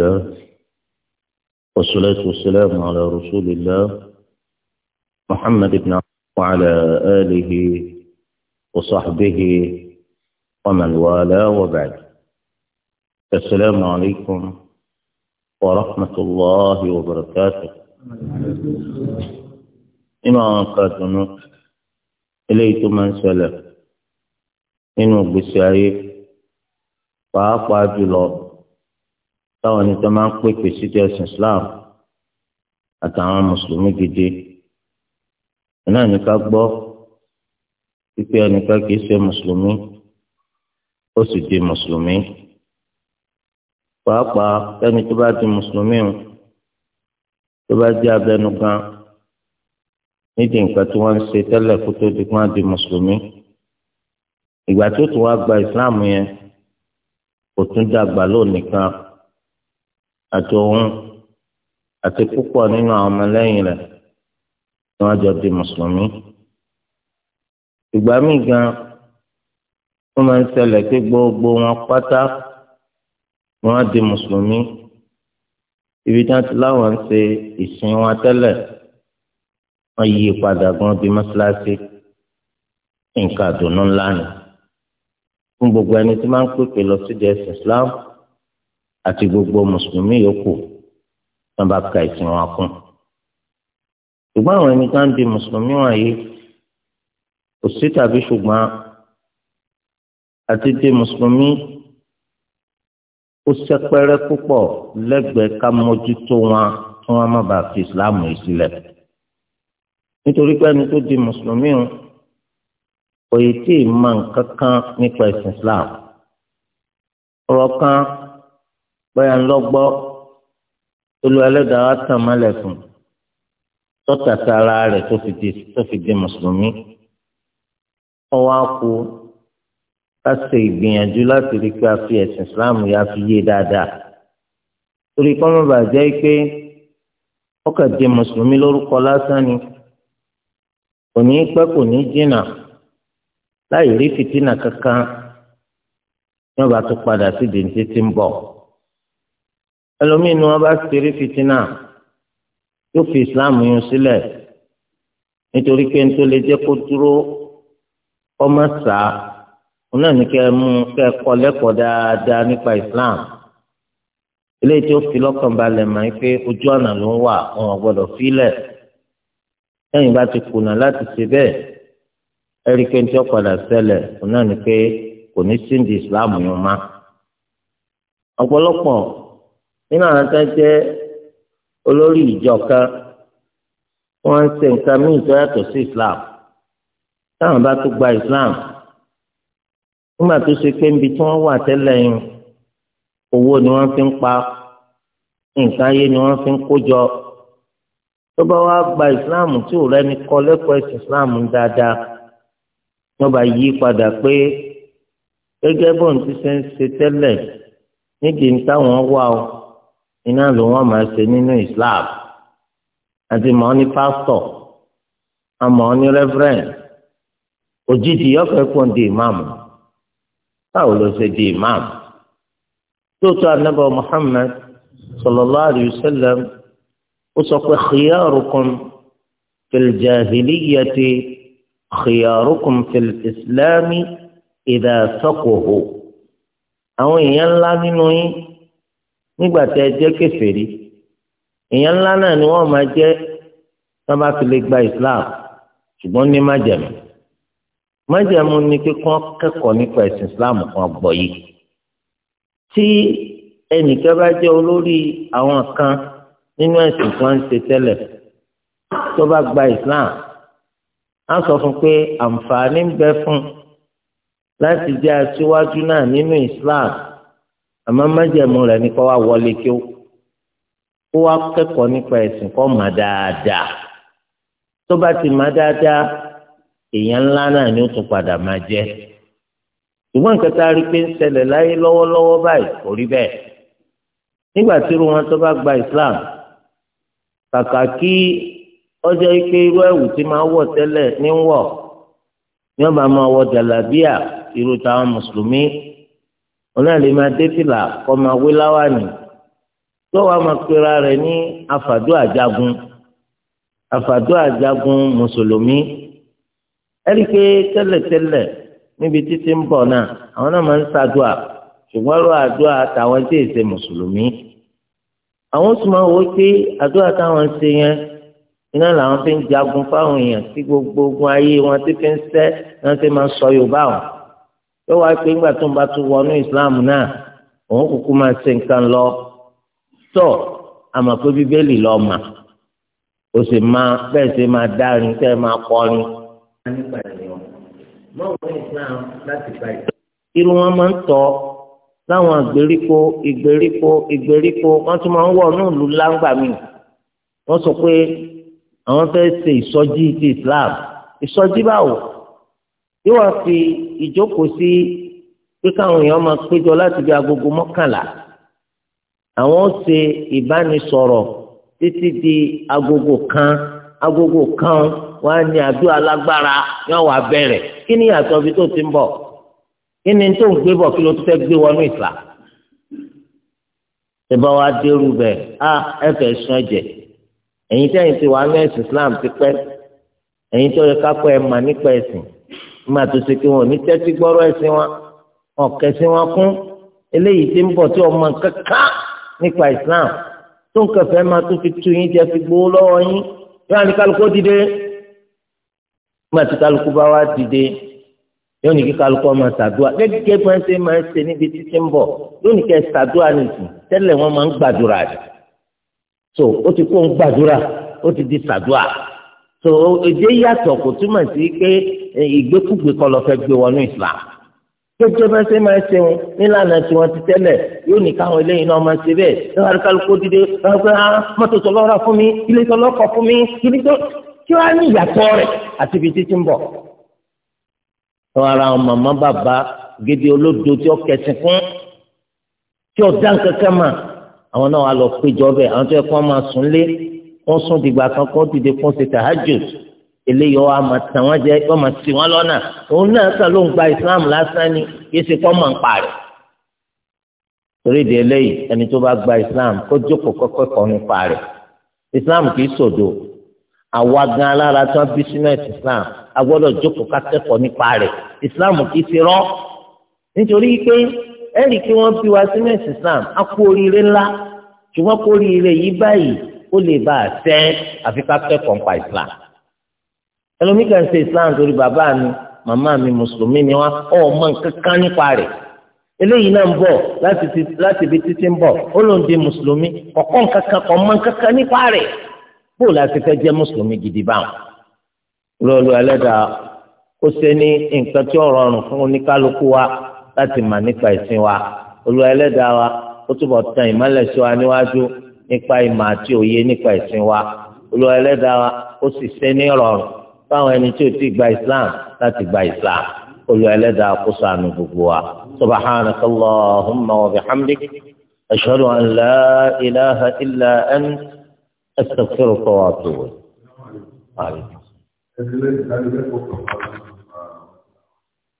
الله والصلاة والسلام على رسول الله محمد بن وعلى آله وصحبه ومن والاه وبعد السلام عليكم ورحمة الله وبركاته إما أنقاتنا إليت من سلف إنه بسعيد فأقعد jùlọ táwọn ẹni tó máa ń pèpè sí ti ẹ̀sìn Islam àtàwọn mùsùlùmí gidi náà ní ká gbọ́ pípé ẹnìkan kì í ṣe mùsùlùmí ó sì di mùsùlùmí pàápàá ẹni tó bá di mùsùlùmí o tó bá jẹ́ abẹnugan nídìí nǹkan tí wọ́n ń ṣe tẹ́lẹ̀ kó tó di wọ́n di mùsùlùmí ìgbà tó tún wá gba ìsìláàmù yẹn kò tún dàgbà lónìí kan àti òun àti púpọ̀ nínú àwọn ọmọlẹ́yìn rẹ̀ ni wọ́n jọ di mùsùlùmí. ìgbà míì gan wọ́n máa ń ṣẹlẹ̀ pé gbogbo wọn pátá ni wọ́n di mùsùlùmí. ibi tí wọ́n ti láwọn ń ṣe ìsìn wọn tẹ́lẹ̀ wọ́n yí padà gan di mọ́ṣáláṣí nǹkan àdùnnú ńlá ni fún gbogbo ẹni tí máa ń pèpè lọ sí ẹ̀sìn Islam àti gbogbo mùsùlùmí yòókù wọn bá ka ìsìn wọn kún ṣùgbọ́n àwọn ẹni tá ń di mùsùlùmí wọ̀nyí kò sí tàbí ṣùgbọ́n àti di mùsùlùmí ó ṣẹpẹrẹ púpọ̀ lẹ́gbẹ̀ẹ́ ká mójútó wọn kí wọ́n má bàa fi ìsìláàmù yìí sílẹ̀ nítorí pé ẹni tó di mùsùlùmí o kò yìí tí ì mọ nǹkan kan nípa ìsìn islam ọ̀rọ̀ kan bóyá ń lọ́gbọ́ olú ẹlẹ́dàá wa tàn mọ́lẹ̀ fún tọ́tà sára rẹ̀ tó fi di mùsùlùmí ọwọ́ á kú ká ṣe ìgbìyànjú láti rí pé a fi ẹ̀sìn islam yá fi yé dáadáa torí kọ́ mọ́ bàjẹ́ pé ọkà di mùsùlùmí lórúkọ lásán ni kò ní pẹ́ kò ní jìnnà láì rí fìtínà kankan ní ọba tó padà sí dèntè tí ń bọ̀ ẹlòmíín ni wọn bá ṣeré fìtínà yóò fi islam yun sílẹ̀ nítorí pé nítorí lè jẹ́ kó dúró ọmọ sá wọn náà ní kẹ́ mú kẹ́ kọ́ lẹ́kọ̀ọ́ dáadáa nípa islam eléyìí tó fi lọ́kàn balẹ̀ mọ́ ẹ pé ojú ọ̀nà ló ń wà wọn gbọ́dọ̀ fílẹ̀ lẹ́yìn bá ti kùnà láti ṣe bẹ́ẹ̀ ẹ̀rí pé tí ó padà ṣẹlẹ̀ wọn náà ní pé kò ní síndì islam yun má ọ̀pọ̀lọpọ̀ nínú àwọn tó jẹ́ olórí ìjọ kan wọ́n ń ṣe nǹkan míì tó yàtọ̀ sí islam táwọn bá tún gba islam nígbà tó ṣe pé níbi tí wọ́n wà tẹ́lẹ̀ yìí owó ni wọ́n fi ń pa nǹkan ayé ni wọ́n fi ń kó jọ tó bá wá gba islam tí ò rẹ́ni kọ́ lẹ́kọ̀ọ́ ẹ̀sìn islam dáadáa wọ́n bá yí padà pé gẹ́gẹ́ bóun ti ṣe ń ṣe tẹ́lẹ̀ nídìí táwọn wà ó iná ló wọ́n máa ṣe nínú Islam àti mọ́ ní pásítọ̀ àmọ́ ní rẹ́fúrẹ́ǹd òjijì yọ̀fẹ́ kún di ìmáàmù báwo ló ṣe di ìmáàmù tóòtú anábọ̀ Muhammad sallallahu alayhi wa sallam ó sọ pé khiyarukum fil jahiliyyati khiyarukum fil islami idha saquhu àwọn èèyàn ńlá nínú yín nígbà tẹ ẹ jẹ́ kèfèrí èèyàn ńlá náà ni wọ́n máa jẹ́ tó bá fi lè gba islam ṣùgbọ́n ní májẹ̀mú májẹ̀mú ni pé kí wọ́n kẹ́kọ̀ọ́ nípa ẹ̀sìn islam kan gbọ́ yìí tí ẹnìkan bá jẹ́ olórí àwọn kan nínú ẹ̀sìn tí wọ́n ń ṣe tẹ́lẹ̀ tó bá gba islam á sọ fún pé àǹfààní ń bẹ fún láti jẹ́ aṣíwájú náà nínú islam àmọ́ májẹ̀mú rẹ̀ ní kó wá wọlé kí ó kó wá kẹ́kọ̀ọ́ nípa ẹ̀sìn kó mà dáadáa tó bá ti mà dáadáa èèyàn ńlá náà ni ó tún padà máa jẹ́ ṣùgbọ́n nǹkan tá a rí pé ń ṣẹlẹ̀ láyé lọ́wọ́lọ́wọ́ báyìí kò rí bẹ́ẹ̀ nígbà tí irú wọn tó bá gba Islam kàkà kí ọjọ́ ike irú ẹ̀wù tí máa wọ̀ tẹ́lẹ̀ ní wọ̀ ní ọba máa wọ jàlábíà irú táwọn mùsùlùmí ọ̀nà lè máa dé fìlà kọ́ máa wé láwàní tó wàá máa pera rẹ̀ ní àfàdó àjagun àfàdó àjagun mùsùlùmí ẹ̀rí pé tẹ́lẹ̀tẹ́lẹ̀ níbi títí ń bọ̀ náà àwọn náà máa ń ṣàdúà ṣùgbọ́n ọ̀rọ̀ àdúà táwọn tí èsè mùsùlùmí àwọn sì máa wò pé àdúà táwọn ṣe yẹn iná làwọn fi ń jagun fáwọn èèyàn tí gbogbo ogun ayé wọn ti fi ń sẹ́ wọn ti máa sọ Yorùbá wọn yóò wá pé ńgbà tó ń bá tún wọnú islam náà òun kúkú máa ṣe nǹkan lọ tó àmọ́ pé bíbélì lọ mà ó sì máa bẹ́ẹ̀ ṣe máa dárin tẹ́ máa kọrin. irú wọn máa ń tọ láwọn ìgbèríko ìgbèríko ìgbèríko wọn tún máa ń wọ inú ìlú láǹgbà mi wọn sọ pé àwọn fẹ́ẹ́ ṣe ìsọjí ti islam ìsọjí báwo yóò wá fi ìjókòó sí pé káwọn èèyàn máa péjọ láti bí agogo mọ́kànlá àwọn ó ṣe ìbánisọ̀rọ̀ títí di agogo kan agogo kan wá ní àdúrà lágbára yóò wá bẹ̀rẹ̀ kí ni yàtọ̀ ibi tó ti ń bọ̀ kí ni tó ń gbé bọ̀ kí ló ti fẹ́ gbé wọnú ìfà ìbá wa dérú bẹ́ẹ̀ á ẹ fẹ́ sún ẹ̀jẹ̀ ẹ̀yin tẹ́yìn ti wà ní Islam ti pẹ́ ẹ̀yin tó yẹ ká pẹ́ ẹ̀ mà nípa ẹ̀sìn nígbà tó ṣe pé wọn ò ní tẹ́tí gbọ́rọ̀ ẹ̀sìn wọn ọ̀kẹ́ sí wọn kún eléyìí tí ń bọ̀ tí ọmọ kankan nípa Islam tó ń kẹfẹ́ máa tó fi tu yín jẹ fi gbowó lọ́wọ́ yín yóò ní kálukú dìde nígbà tí kálukú bá wá dìde yóò ní kí kálukú ọmọ ṣàdúrà gẹ́gẹ́ bí wọ́n ṣe máa ń ṣe níbi títí ń bọ̀ yóò ní kẹ́ ṣàdúrà nìsín tẹ́lẹ̀ wọ́n máa ń gbàdúrà so ó ti kó ń gbàdúrà ó ti di ṣàdúrà so èdè yàtọ̀ kò túmọ̀ sí pé eh, ìgbékùgbé kọ́ lọ fẹ́ gbé wọnú islam gbẹgbẹ bá ṣe máa ṣe wọn nílànà tí wọn ti tẹ́lẹ̀ yóò ní káwọn eléyìí náà máa ṣe bẹ́ẹ̀ níwájú kálukú dídé káwọn á ah, mọ́tò tọlọrọ fún mi ilé tọlọkọ fún mi kíni tó kí wàá ní ìyàtọ̀ rẹ̀ àti ibi títí ń bọ̀. sọ ara àwọn màmá bàbá gidi olódo tí ó kẹsìn fún tí ó dá nǹkan kan mà àwọn náà wà lọ péjọ bẹ́ẹ̀ àwọn tó yẹ kó wọn máa sùn lé wọ́n sún dìgbà kan kó dìde fún ṣe tahajjud eléyìí wọn àmà tàn wọn jẹ wọn mà sí wọn lọ́nà òun náà kàn ló ń gba islam lásán ni yìí ṣe kọ́ mọ̀ ń parẹ́ torí di eléyìí ẹni tó bá gba islam kó jókòó kọ́kọ́ kọ́ nípa rẹ̀ islam kì í sòdò àwa gan alára tó bí sinẹ́ẹ̀sì islam a gbọ́dọ̀ jókòó kákẹ́kọ̀ọ́ nípa rẹ̀ islam kì í ti rọ́ nítorí pé ẹnì kí wọ́n bí wa sinẹ́ẹ̀sì islam á kú oríire ńlá ṣùgbọ́n kó oríire yìí báyìí ó lè bá a sẹ́ àfi ká kẹ́kọ̀ọ́ nípa islam ẹlòmíì kan ṣe islam torí bàbá mi màmá mi mùsùlùmí ni wọn ọ mọ nǹkan kan nípa rẹ̀ eléyìí náà ń bọ̀ láti ibi títí ń bọ̀ ó ló ń di mùsùlùmí ọ̀kọ́ nǹkan kan kọ̀ mọ nǹkan kan nípa rẹ̀ bó o láti fẹ́ jẹ́ mùsùlùmí gidi báwọn. lọ́ọ̀lù ẹlẹ́dàá ó ṣe ní nǹkan tí ó rọrùn fún oníkálukú wa láti mà nípa ìsìn wa olú ẹlẹ́dàá wa ó túbọ̀ tan ìmọ́lẹ̀ sí wa níwájú nípa ìmọ̀ àti òye nípa ìsìn wa olúwa ẹlẹ́dàá wa ó sì ṣe ní rọrùn fáwọn ẹni tí ò ti gba islam láti gba islam olúwa ẹlẹ́dàá kó ṣàánú gbogbo wa subhanaka allahumma wa bihamdik ashhadu an la ilaha illa anta astaghfiruka wa atubu